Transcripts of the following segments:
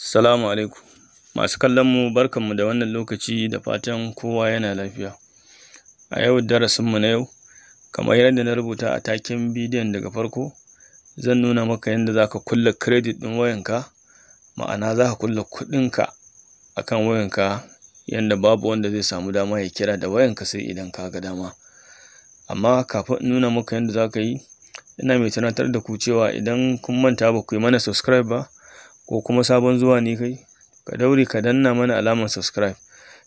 Salamu alaikum masu kallon mu barkan da wannan lokaci da fatan kowa yana lafiya a yau darasin mu na yau kamar yadda na rubuta a takin bidiyon daga farko zan nuna maka yadda za ka kulle kredit ɗin wayanka ma'ana za ka kulle kuɗinka kan wayanka yadda babu wanda zai samu dama ya kira da wayanka sai idan ka ga dama amma kafin in nuna maka yadda za ka yi ina mai tunatar da ku cewa idan kun manta ba ku yi mana subscribe ba ko kuma sabon zuwa ne kai ka daure ka danna mana alamar subscribe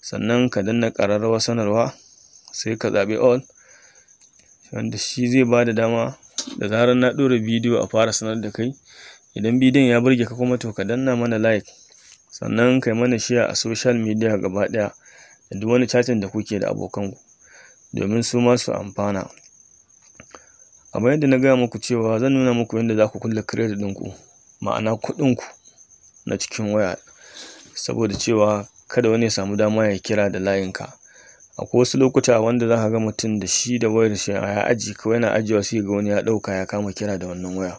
sannan ka danna ƙararrawar sanarwa sai ka zaɓi all wanda shi zai ba da dama da zarar na ɗora bidiyo a fara sanar da kai idan bidiyon ya burge ka kuma to ka danna mana like sannan kai mana share a social media gaba ɗaya da duk wani chatin da kuke da abokanku domin su ma su amfana a yadda na gaya muku cewa zan nuna muku yadda za ku kulle credit ku ma'ana ku. na cikin waya saboda cewa kada wani ya samu dama ya kira da layinka. Akwai wasu lokuta wanda za ka ga mutum da shi da wayar shi ya aji kawai yana ajiyewa sai ga wani ya ɗauka ya kama kira da wannan waya.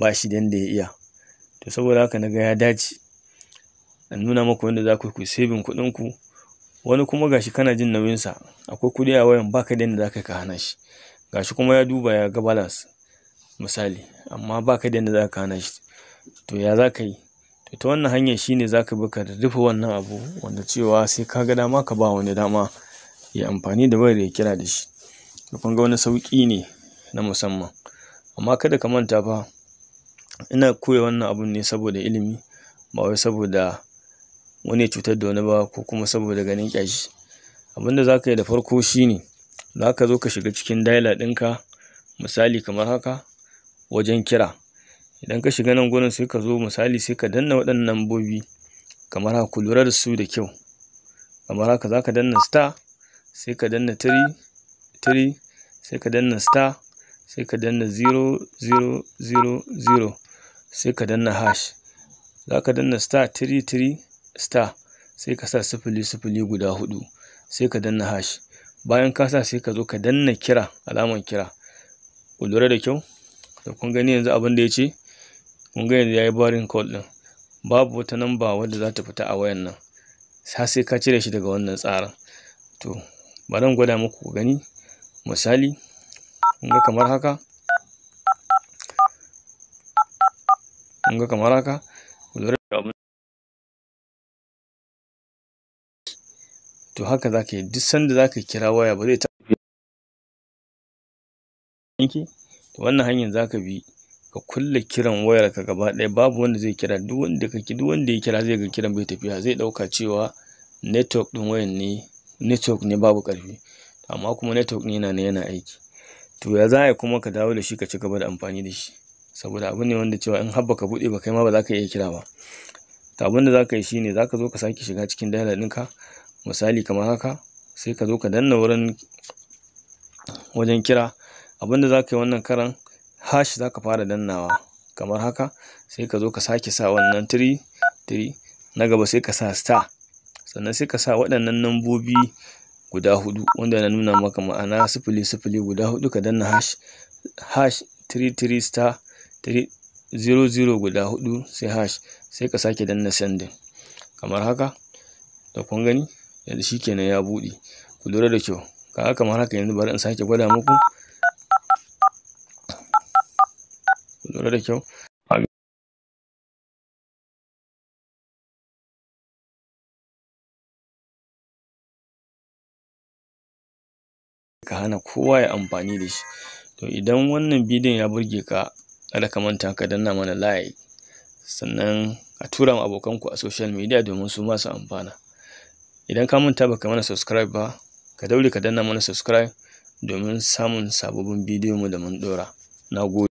Ba shi da yanda ya iya. To saboda haka na ga ya dace in nuna maku yanda za ku ku saving kuɗin ku. Wani kuma gashi kana jin nauyin sa. Akwai kuɗi a wayan baka da yanda za ka ka hana shi. Gashi kuma ya duba ya ga balance misali amma ba da yanda za ka hana shi. To ya za ka yi? ita wannan hanyar shine ne bi ka rufe wannan abu wanda cewa sai ka ga dama ka ba wani dama ya amfani da wayar ya kira da shi to kun ga wani sauƙi ne na musamman amma kada ka manta fa ina koya wannan abun ne saboda ilimi ba wai saboda wani cutar da wani ba ko kuma saboda ganin ƙyashi abinda zaka yi da farko shine ka zo ka shiga cikin dialer ɗinka misali kamar haka wajen kira idan ka shiga nan gurin sai ka zo misali sai ka danna waɗannan lambobi kamar haka ku lura da su da kyau kamar haka za ka danna star sai ka danna 3 3 sai ka danna star sai ka danna 0000 sai ka danna hash za ka danna star 33 star sai ka sa sifili sifili guda hudu sai ka danna hash bayan ka sa sai ka zo ka danna kira alaman kira ku lura da kyau da kun gani yanzu abin da ya ce kun ga yanzu yi barin call ɗin, babu wata namba wadda za ta fita a wayan nan har sai ka cire shi daga wannan tsarin to bari in gwada muku gani misali ga kamar haka ga kamar haka to haka za ka yi duk sanda za ka kira waya ba zai taɓa to wannan hanyar za ka bi ka kulle kiran wayarka gaba ɗaya babu wanda zai kira duk wanda ka duk wanda ya kira zai ga kiran bai tafiya zai ɗauka cewa network ɗin wayan ne network ne babu ƙarfi amma kuma network ne yana ne yana aiki to ya za a kuma ka dawo da shi ka ci gaba da amfani da shi saboda abu ne wanda cewa in har baka buɗe ba kai ma ba za ka iya kira ba to abin da za ka yi shi ne, za ka zo ka sake shiga cikin dialer ɗinka misali kamar haka sai ka zo ka danna wurin wajen kira abin da za ka yi wannan karan hash za ka fara dannawa kamar haka sai ka zo ka sake sa wannan tiri tiri na gaba sai ka sa star sannan sai ka sa waɗannan nambobi guda hudu wanda na nuna maka ma'ana sifili sifili guda hudu ka danna hash hash 33 star 00 guda hudu sai hash sai ka sake danna sendin kamar haka da kun gani yanzu shikenan ya buɗe ku lura da kyau kaga kamar haka yanzu bari in sake gwada muku lura da kyau ka hana kowa ya amfani da shi to idan wannan bidiyon ya burge ka kada ka manta ka danna mana like sannan a tura ma abokanku a social media domin su masu amfana idan ka manta baka mana subscribe ba ka daure ka danna mana subscribe domin samun sababbin bidiyon mu da mun dora gode